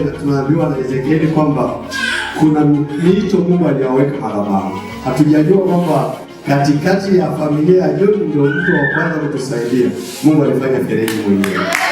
tunaambiwa na Ezekieli kwamba kuna miito Mungu aliyaweka barabara. Hatujajua kwamba katikati ya familia ya Job ndio mtu wa kwanza kutusaidia. Mungu alifanya fereji mwenyewe.